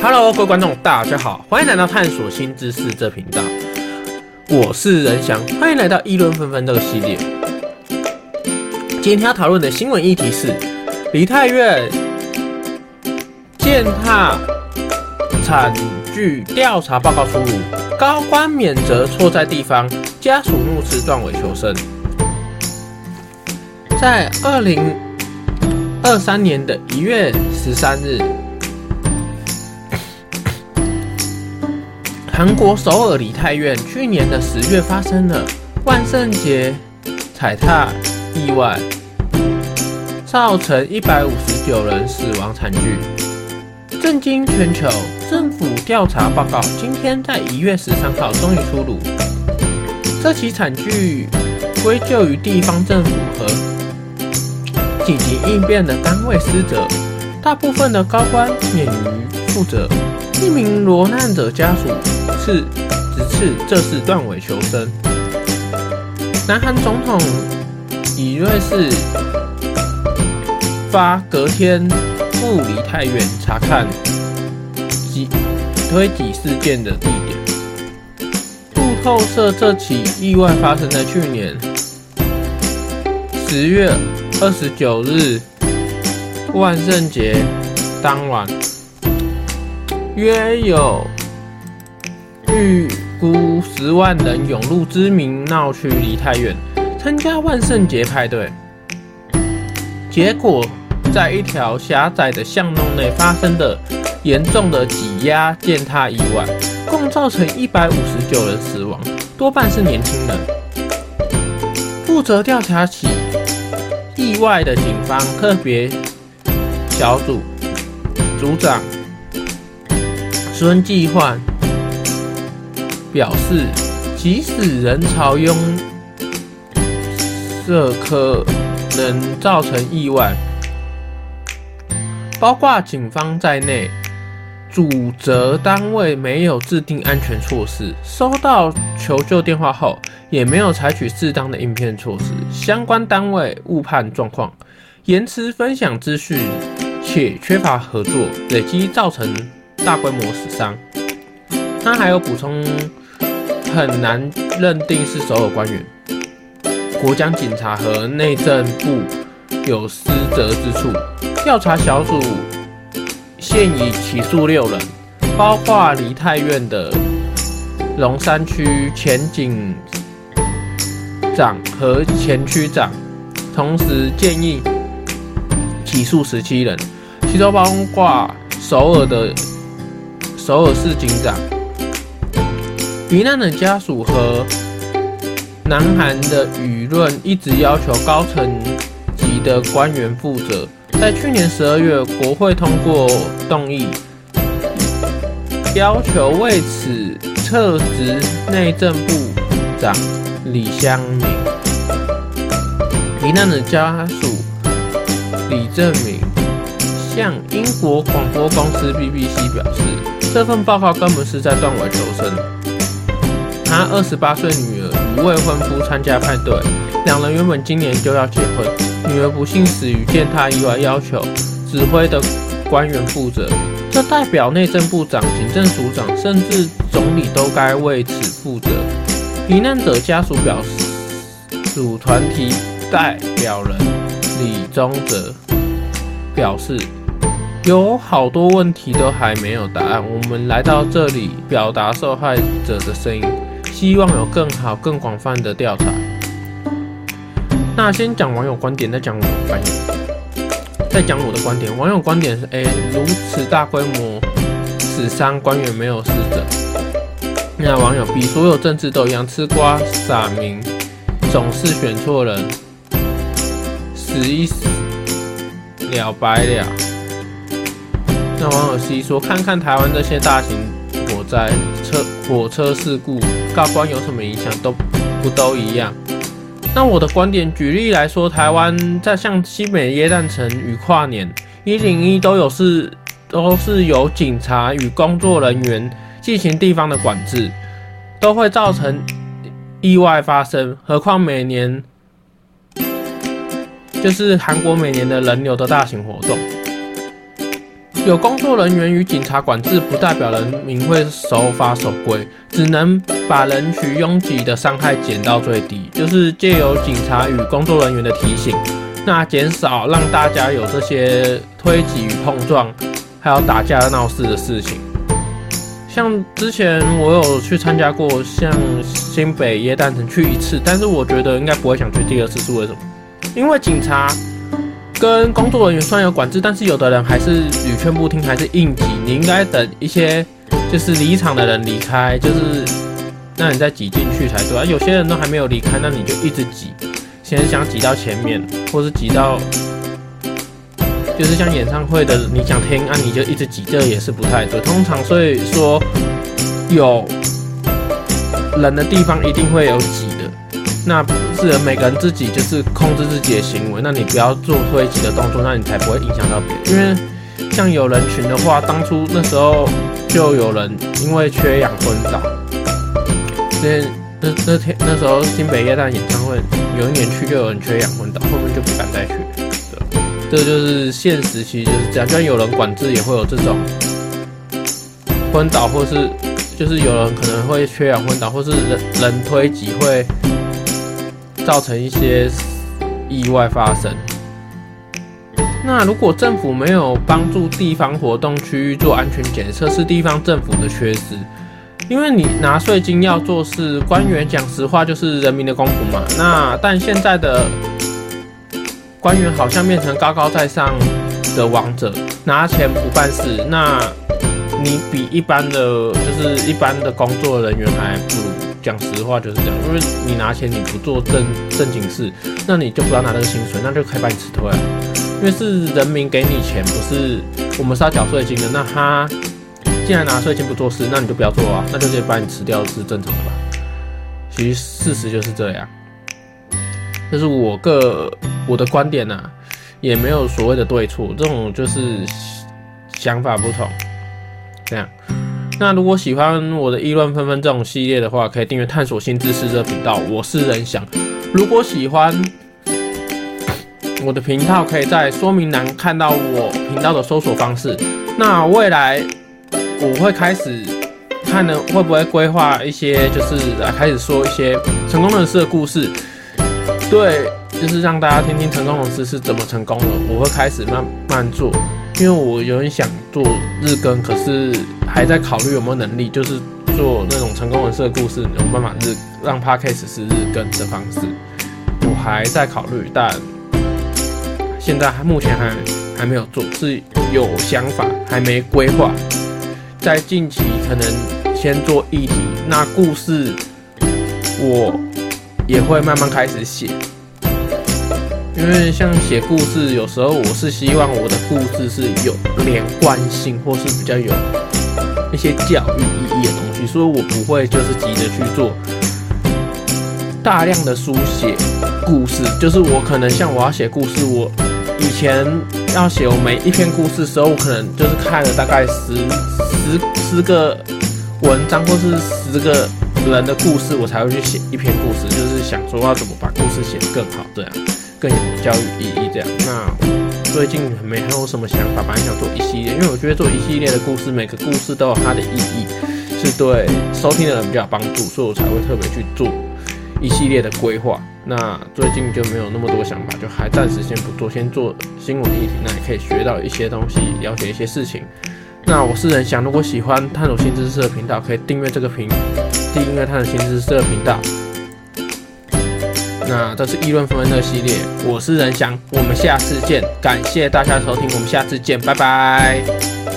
Hello，各位觀眾，大家好，歡迎來到探索新知識這頻道。我是仁翔，歡迎來到議論紛紛這個系列。今天要討論的新聞議題是：梨泰院踐踏慘劇調查報告出爐，高官免責錯在地方，家屬怒斥斷尾求生。在二零二三年的一月十三日。韓國首爾梨泰院去年的十月發生了萬聖節踩踏意外，造成一百五十九人死亡慘劇，震驚全球。政府調查報告今天在一月十三號終於出爐。這起慘劇歸咎於地方政府和緊急應變的單位失責，大部分的高官免於。負責。一名罹難者家屬是，直指這是斷尾求生。南韓總統尹錫悅發隔天赴梨泰院查看推擠事件的地點。路透社，這起意外發生在去年十月二十九日萬聖節當晚。約有預估十萬人湧入知名鬧區，梨泰院參加萬聖節派對，結果在一條狹窄的巷弄內發生的嚴重的擠壓、踐踏意外，共造成一百五十九人死亡，多半是年輕人。負責調查起意外的警方特別小組組長。孫繼煥表示，即使人潮擁塞可能造成意外，包括警方在內，主責單位沒有制定安全措施，收到求救電話後也沒有採取適當的應變措施。相關單位誤判狀況，延遲分享資訊，且缺乏合作，累積造成，大規模死傷，他還有補充，很難認定是首爾官員、國家警察和內政部有失責之處。調查小組現已起訴六人，包括梨泰院的龍山區前警長和前區長，同時建議起訴十七人，其中包括首爾的。首爾市警長、遇難的家屬和南韓的輿論一直要求高層級的官員負責。在去年十二月，國會通過動議，要求為此撤職內政部部長李祥敏。遇難的家屬李正明向英國廣播公司 BBC 表示。這份報告根本是在斷尾求生。她二十八歲女兒與未婚夫參加派對，兩人原本今年就要結婚。女兒不幸死於踐踏意外，要求指揮的官員負責，這代表內政部長、警政署長甚至總理都該為此負責。罹難者家屬表示，組團體代表人李宗哲表示。有好多問題都還沒有答案。我們來到這裡表達受害者的聲音，希望有更好、更廣泛的調查。那先講網友觀點，再講我的觀點，再講我的觀點。網友觀點是：A 如此大規模死傷，官員沒有死者。那網友 B，所有政治都一樣，吃瓜傻民總是選錯人，死一死了，白了。那王爾熙說：“看看台灣這些大型火災、車火車事故、高官有什麼影響，都不，不都一樣。”那我的觀點，舉例來說，台灣在像新北耶誕城與跨年一零一都有是都是由警察與工作人員進行地方的管制，都會造成意外發生。何況每年就是韓國每年的人流的大型活動。有工作人員與警察管制，不代表人民會守法守規，只能把人群擁擠的傷害減到最低，就是借由警察與工作人員的提醒，那減少讓大家有這些推擠與碰撞，還有打架鬧事的事情。像之前我有去參加過，像新北耶誕城去一次，但是我覺得應該不會想去第二次，是為什麼？因為警察。跟工作人員算有管制，但是有的人還是屢勸不聽，還是硬擠。你應該等一些就是離場的人離開，就是那你再擠進去才對啊。有些人都還沒有離開，那你就一直擠，先想擠到前面，或是擠到就是像演唱會的，你想聽那，啊，你就一直擠，這也是不太對。通常所以說，有人的地方一定會有擠。那是每個人自己就是控制自己的行為，那你不要做推擠的動作，那你才不會影響到別人。因為像有人群的話，當初那時候就有人因為缺氧昏倒。那那那天那時候新北耶誕演唱會，有人去就有人缺氧昏倒，後面就不敢再去。對，這個就是現實，其實就是這樣。就算有人管制，也會有這種昏倒，或是就是有人可能會缺氧昏倒，或是人人推擠會。造成一些意外發生。那如果政府沒有幫助地方活動區域做安全檢測，是地方政府的缺失。因為你拿稅金要做事，官員講實話就是人民的公僕嘛。那但現在的官員好像變成高高在上的王者，拿錢不辦事。那你比一般的，就是一般的工作的人員還不如。講實話就是這樣，因為你拿錢你不做正正經事，那你就不要拿那個薪水，那就可以把你辭退了，啊。因為是人民給你錢，不是我們是要繳稅金的。那他既然拿稅金不做事，那你就不要做啊，那就可以把你辭掉是正常的吧。其實事實就是這樣，就是我個我的觀點吶，啊，也沒有所謂的對錯，這種就是想法不同，這樣。那如果喜歡我的議論紛紛這種系列的話，可以訂閱探索新知識這個頻道。我是仁翔。如果喜歡我的頻道，可以在說明欄看到我頻道的搜索方式。那未來我會開始看能會不會規劃一些，就是來開始說一些成功人士的故事。對，就是讓大家聽聽成功人士是怎麼成功的。我會開始慢慢做，因為我有點想。做日更，可是還在考慮有沒有能力，就是做那種成功人士的故事，有辦法日讓 podcast 是日更的方式。我還在考慮，但現在目前還還沒有做，是有想法，還沒規劃。在近期可能先做議題，那故事我也會慢慢開始寫。因為像寫故事，有時候我是希望我的故事是有連貫性，或是比較有一些教育意義的東西。所以我不會就是急着去做大量的書寫故事。就是我可能像我要寫故事，我以前要寫我每一篇故事的時候，我可能就是看了大概十十十個文章或是十個人的故事，我才會去寫一篇故事。就是想說要怎麼把故事寫得更好，這樣、對啊。更有教育意義，這樣。那最近沒還有什麼想法，本來想做一系列，因為我覺得做一系列的故事，每個故事都有它的意義，是對收聽的人比較有幫助，所以我才會特別去做一系列的規劃。那最近就沒有那麼多想法，就還暫時先不做，先做新聞議題，那也可以學到一些東西，了解一些事情。那我是仁翔，如果喜歡探索新知識的頻道，可以訂閱這個頻，訂閱探索新知識的頻道。那這是議論紛紛的系列，我是仁翔，我們下次見，感謝大家的收聽，我們下次見，拜拜。